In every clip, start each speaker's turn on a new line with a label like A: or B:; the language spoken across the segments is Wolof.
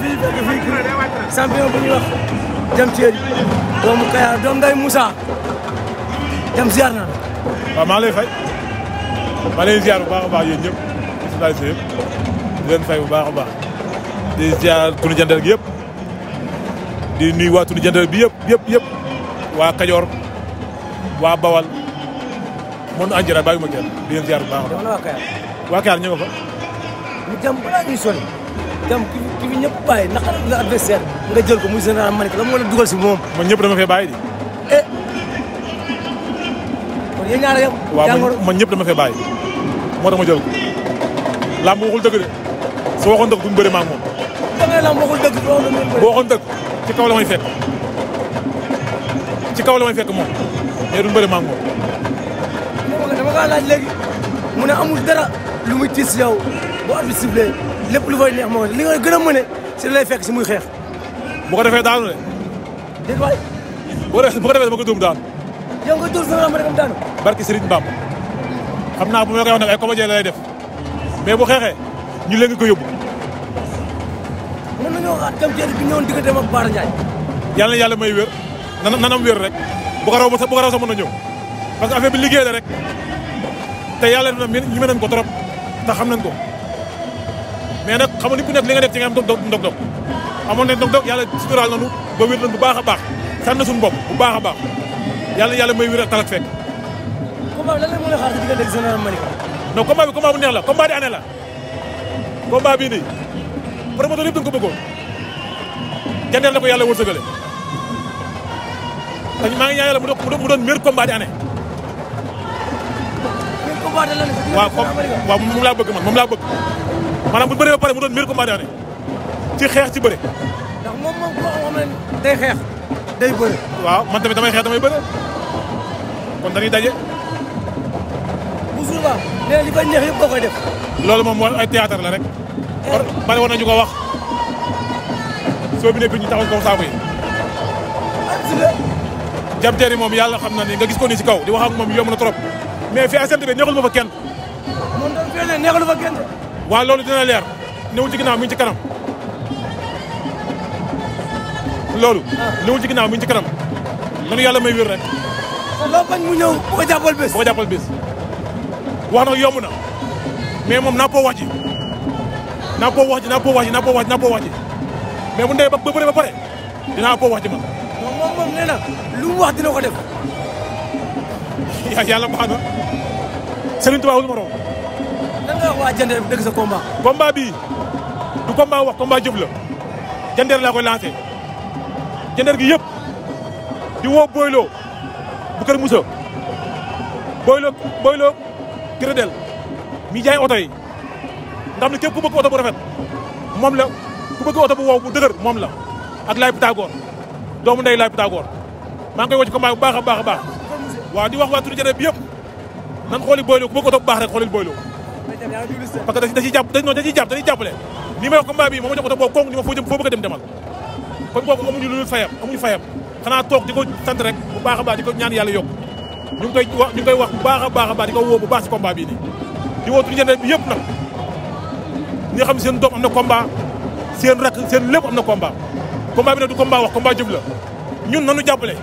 A: fii fekk fii champion bu ñuy wax jam
B: ceeri doomu Kayar doom day Moussa jam ziar naa waaw maa fay maa lay bu baax a baax yéen ñëpp journaliste yëpp di leen fay bu di ziar tunu jëndal gi yëpp di nuyu waa tunu jëndal bi yëpp yëpp yëpp waa Kajoor waa Bawal moom nu àjjara bàyyi ma kenn waa Kayar ñu fa. ñu jàmm balaa ñuy sori. nga jël ko muy général Malika la moo dugal si moom. man ñëpp dama fee bàyyi di. eh. kon man ñëpp dama fee bàyyi. moo tax ma jël ko. làmb waxul dëgg de. su waxoon dëgg duñ bëri moom. da ngay làmb ci kaw la may fekk. ci kaw la may fekk moom. mais duñ bëri moom. laa laaj léegi mu ne amul dara lu muy tiis yow bu arbitre sifflé lépp lu fay neex moo li nga gën a mëne si lay fekk si muy xeex. bu ko defee daanu de. déet waay. bu ko defee dama ko dóom daanu. yow nga dóor sama ma ne ko daanu. barki Serigne Bamba xam naa bu ma koy wax nag ay comédien lay def mais bu xeexee ñu leen ko yóbbu. mën nañoo xaar kam ceeb bi ñëwoon digganteem ak Baara Ndiaye. yàlla na yàlla may wér nanam wér rek bu ko raw bu ko raw sax mën na ñëw. parce que affaire bi liggéey la rek te yàlla def na ñu mën ko trop ndax xam nañ ko mais nag xam nga nit ku nekk li nga def ci nga am dog dog amoon nañ dog dog yàlla suturaal nañu ba wér nañ bu baax a baax san na suñu bu baax a baax yàlla yàlla may wér a talak fekk ko lan la mën a xaar ci diggante général Malika non combat bi combat bu neex la combat di année la combat bii nii promoteur yëpp dañ ko bëggoon jandeer la ko yàlla wërsëgale maa ngi ñaan yàlla mu doon mu doon meilleur waaw moom laa bëgg man moom laa bëgg maanaam bu bëree ba pare mu doon miir combat daane ci xeex ci bëre ndax moom moom koo xam ne day xeex day bëre waaw man damay xeex damay bëre kon dañuy daje loolu moom mooy ay théâtre la rek eh. bari woon nañu ko wax soo bi ne bi ñu taxaw kaw saako yi jabteeri moom yàlla xam na ne nga gis ko si kaw di wax ak moom yomb na trop mais fii askan bi neexul ma fa kenn. moom itam fii ne neexul fa kenn. waaw loolu dina leer néew ci ginnaaw mi ngi ci kanam. loolu. néew ci ginnaaw mi ngi ci kanam. nanu yàlla may wir rek. loo bañ mu ñëw bu ko jàppal bés. bu ko jàppal bés. wax na yomb na mais moom naa koo wax ji naa koo wax ji naa koo wax ji naa koo wax ji naa koo wax ji mais bu ndee ba ba pare ba pare dinaa koo wax ji man. moom moom nee na lu mu wax dina ko def. yàlla baax na Serigne Touba wul morom. lan nga wax waa Jandeer dëgg sa combat. combat bii du combat wax combat jëf la Jandeer laa koy lancé Jandeer gi yëpp di woo Boylo bu Kër Moussa Boylo Boylo mi jaay oto yi nga xam ne képp oto bu rafet moom la ku bëgg oto bu wow bu dëgër moom la ak Laye Pythagore doomu ndey Laye Pythagore maa koy woo ci bu baax a baax a baax. waaw di wax waa turu jërëjëf bi yëpp nan xooli boyloo ku bëgg oto bu baax rek xoolil boyloo parce que da ciy jàpp non da ciy jàpp da ciy jàppale nii may wax combat bi moo ma jox oto boobu kooku ni ma foo jëm foo bëgg a dem demal kon kooku amuñu lu fayam amuñu fayam xanaa toog di ko sant rek bu baax a baax di ko ñaan yàlla yokk ñu ngi koy wax ñu ngi koy wax bu baax a baax a baax di ko woo bu baax ci combat bii nii di woo turu jërëjëf bi yëpp nag ñi nga xam seen doom am na combat seen rakk seen lépp am na combat combat bi nag du combat wax combat jëf la ñun nanu jàppale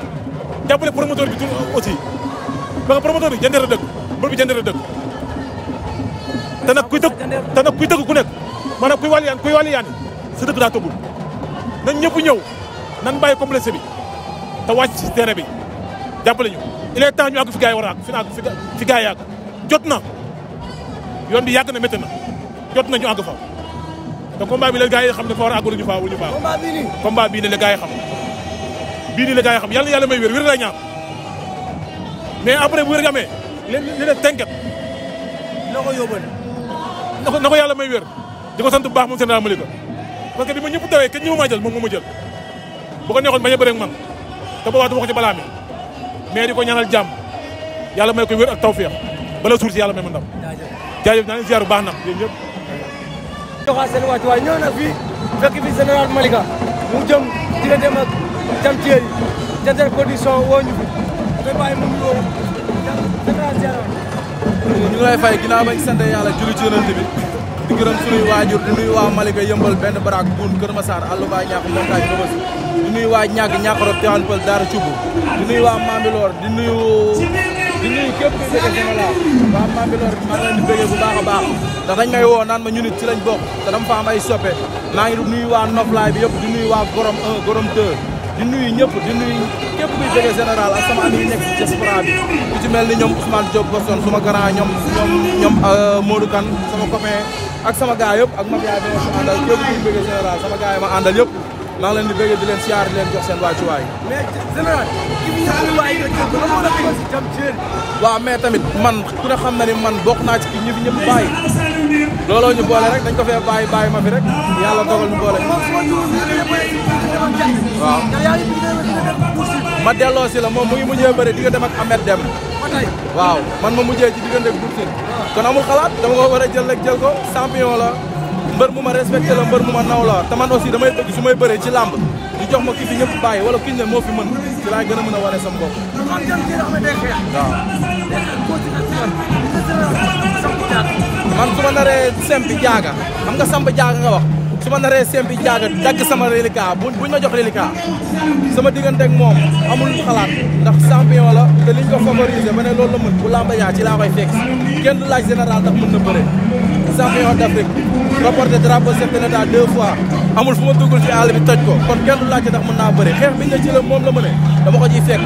B: jàppale promoteur bi aussi parce que promoteur bi jëndeer a dëkk mbër bi jëndeer a dëkk te nag kuy tëgg te nag kuy tëgg ku nekk maanaam kuy wàllu yaan kuy wàllu yaan sa dëkk daa tëggul nañ ñëpp ñëw nan bàyyi complexe bi te wàcc ci terrain bi jàppale ñu il est temps ñu àgg fi gars yi war a fi àgg fi jot na yoon bi na métti na jot na ñu àgg fa te combat bi la gars yi xam ne fa war a àgg lu ñu faa wul ñu faa combat bii ne la yi xam bii nii la gars yi xam yàlla yàlla may wér wér lay ñaan mais après bu wér nga amee li la tënket na ko yóbbale na ko yàlla may wér di ko sant bu baax moom général Malika parce que bi ma ñëpp dawee kenn jël moom moo jël bu ko neexoon bañ a ak man te boobaa du ko ci balaa mais di ko ñaanal jàmm yàlla may ko wér ak tawféex bala suur si yàlla may ma ndam jaajëf naa leen ziar bu baax nag yéen ñëpp joxaa seen wàcc waay ñëw na fii fekk fii général Malika mu jëm digganteem ak jam yi
A: jantal production woo ñu fi dafay bàyyi mu nuyoo Dakar Zero. ñu ngi lay fay ginnaaw bañ sant yàlla julli ci yonent bi di gërëm suñuy waajur di nuyu waa Malika yëmbal benn baraak buun Kër Massar àll ba ñàkk montage Rebeuss di nuyu waa ñàkk ñàkkorop Tivaouane Peulh Daara Thioub di nuyu waa Mambilor di nuyu di nuyu képp kuy bëgg sama laa waa Mambilor maa ngi leen di bëggee bu baax a baax ndax dañ may woo naan ma ñu nit ci lañ bokk te dama fa am ay soppe maa ngi nuyu waa Noflaay bi yëpp di nuyu waa Gorom 1 Gorom 2 di nuyu ñëpp di nuyu képp kuy jege général ak sama ami yi nekk ci diaspora bi ku ci mel ni ñoom Ousmane Diop Boston suma grand ñoom ñoom ñoom euh, sama copain ak sama gaay yëpp ak mag ma àndal képp kuy bëgg général sama gaay ma àndal yëpp maa ngi leen di bëgg di leen siyaar di leen jox seen waa ci waay mais général tamit man ku ne xam na ni man bokk naa ci kii ñi fi ñëpp bàyyi looloo ñu boole rek dañ ko fee bàyyi bàyyi ma fi rek yàlla dogal ñu boole waaw ma delloo si la moom mu ngi mujjee bëri dem ak Ahmed Deme waaw man ma mujjee ci diggante ak Boursin kon amul xalaat dama war a jël rek jël ko mbër mu ma respecté la mbër mu ma naw la te man aussi damay bëgg su may bëree ci làmb ñu jox ma ki fi ñëpp bàyyi wala kiñ ne moo mën ci laay gën a mën a waree sama bopp waaw man su ma naree sempi jaaga xam nga jaaga nga wax su ma naree sempi jaaga dagg sama reliquat bu buñ ma jox reliquat sama diggante ak
B: moom amul xalaat
A: ndax champion la te liñ ko favoriser ma ne loolu la mën bu lamba yaa ci laa fekk kenn du laaj général ndax mën na bëre champion d'Afrique remporté drapeau chef de l'État deux fois amul fu ma duggul ci àll bi toj ko kon kenn du laaj ndax mën naa bëre xeex biñ ne ci la moom la mëne dama ko ciy fekk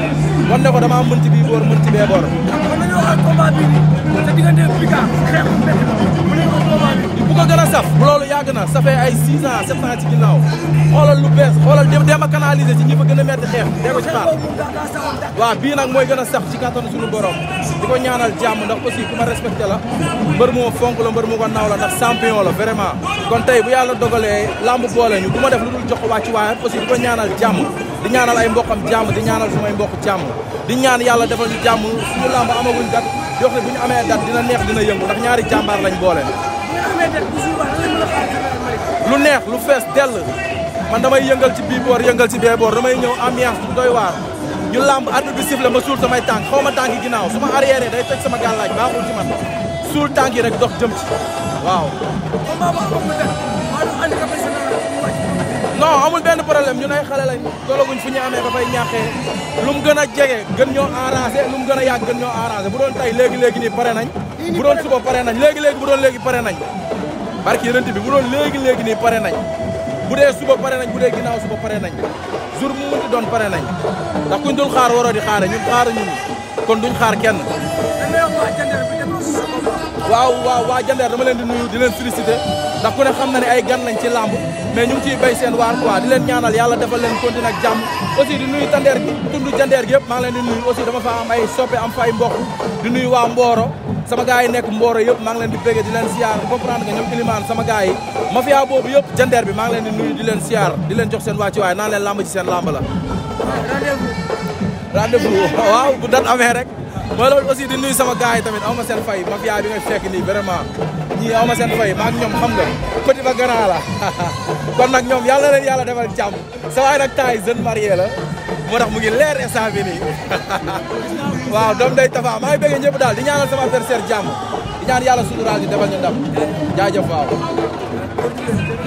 A: wan ne ko damaa mën ci bii boor mën ci bee boor. kon nañu wax ak combat ko gën a saf loolu yàgg na ça fait ay 6 ans 7 ans ci ginnaaw xoolal lu bees xoolal dem a canaliser ci ñi fa gën a metti xeex dee ko ci xaar waaw bii nag mooy gën a saf ci kattanu suñu borom di ko ñaanal jàmm ndax aussi ku ma respecté la mbër mu ma fonk la mbër mu ko naaw la ndax champion la vraiment kon tey bu yàlla dogalee lamb boole ñu du def lu dul jox ko wàcc waaye aussi di ko ñaanal jàmm di ñaanal ay mbokkam jàmm di ñaanal sumay mbokk jàmm di ñaan yàlla defal ñu jàmm suñu lamb amaguñ dat di wax ne bu dat dina neex dina yëngu ndax ñaari jàmbaar lañ boole lu neex lu fees dell man damay yëngal ci bii boor yëngal ci bee boor damay ñëw ambiance bu doy waar ñu làmb at bi sifle ma suul samay tànk xaw ma tànk yi ginnaaw su ma arrière day toj sama gàllaaj baaxul ci man suul tànk yi rek dox jëm ci waaw non amul benn problème ñun ay xale lañ tolaguñ fu ñu amee ba fay ñaaxee lu mu gën a jege gën ñoo arrangé lu mu gën a yàgg gën ñoo arrangé bu doon tey léegi-léegi nii pare nañ bu doon suba pare nañ léegi-léegi bu doon léegi pare nañ barki yonent bi bu doon léegi léegi nii pare nañ bu dee suba pare nañ bu dee ginnaaw suba pare nañ jour bu mënti doon pare nañ ndax kuñ dul xaar waroo di xaare ñun xaar ñun kon duñ xaar kenn. waaw waaw waa Jandeer dama leen di nuyu di leen féliciter ndax ku ne xam na ne ay gan lañ ci làmb mais ñu ngi ciy seen waar quoi di leen ñaanal yàlla defal leen continuer ak jàmm aussi di nuyu Tandeer gi tund Jandeer yëpp maa ngi leen di nuyu aussi dama fa am ay soppe am fa ay mbokk di nuyu waa Mboro sama gars yi nekk mbooro yëpp maa ngi leen di bëgg di leen siyaar comprendre nga ñoom Ilimane sama gars yi mafia boobu yëpp jandeer bi maa ngi leen di nuyu di leen siyaar di leen jox seen wàcci waay naan leen làmb ci seen làmb la rendez-vous waaw bu dat amee rek mooy loolu aussi di nuyu sama gars yi tamit aw ma seen fay mafia bi ngay fekk nii vraiment ñii aw ma seen fay maa ngi ñoom xam nga petit ba grand la kon nag ñoom yàlla leen yàlla defal jàmm sa waay nag taay jeune marié la moo tax mu ngi leer instant bi nii waaw doom day Tapha maa ngi bëggee ñëpp daal di ñaanal sama adversaire
B: jàmm di ñaan yàlla suturaal di defal ñu ndam jaajëf waaw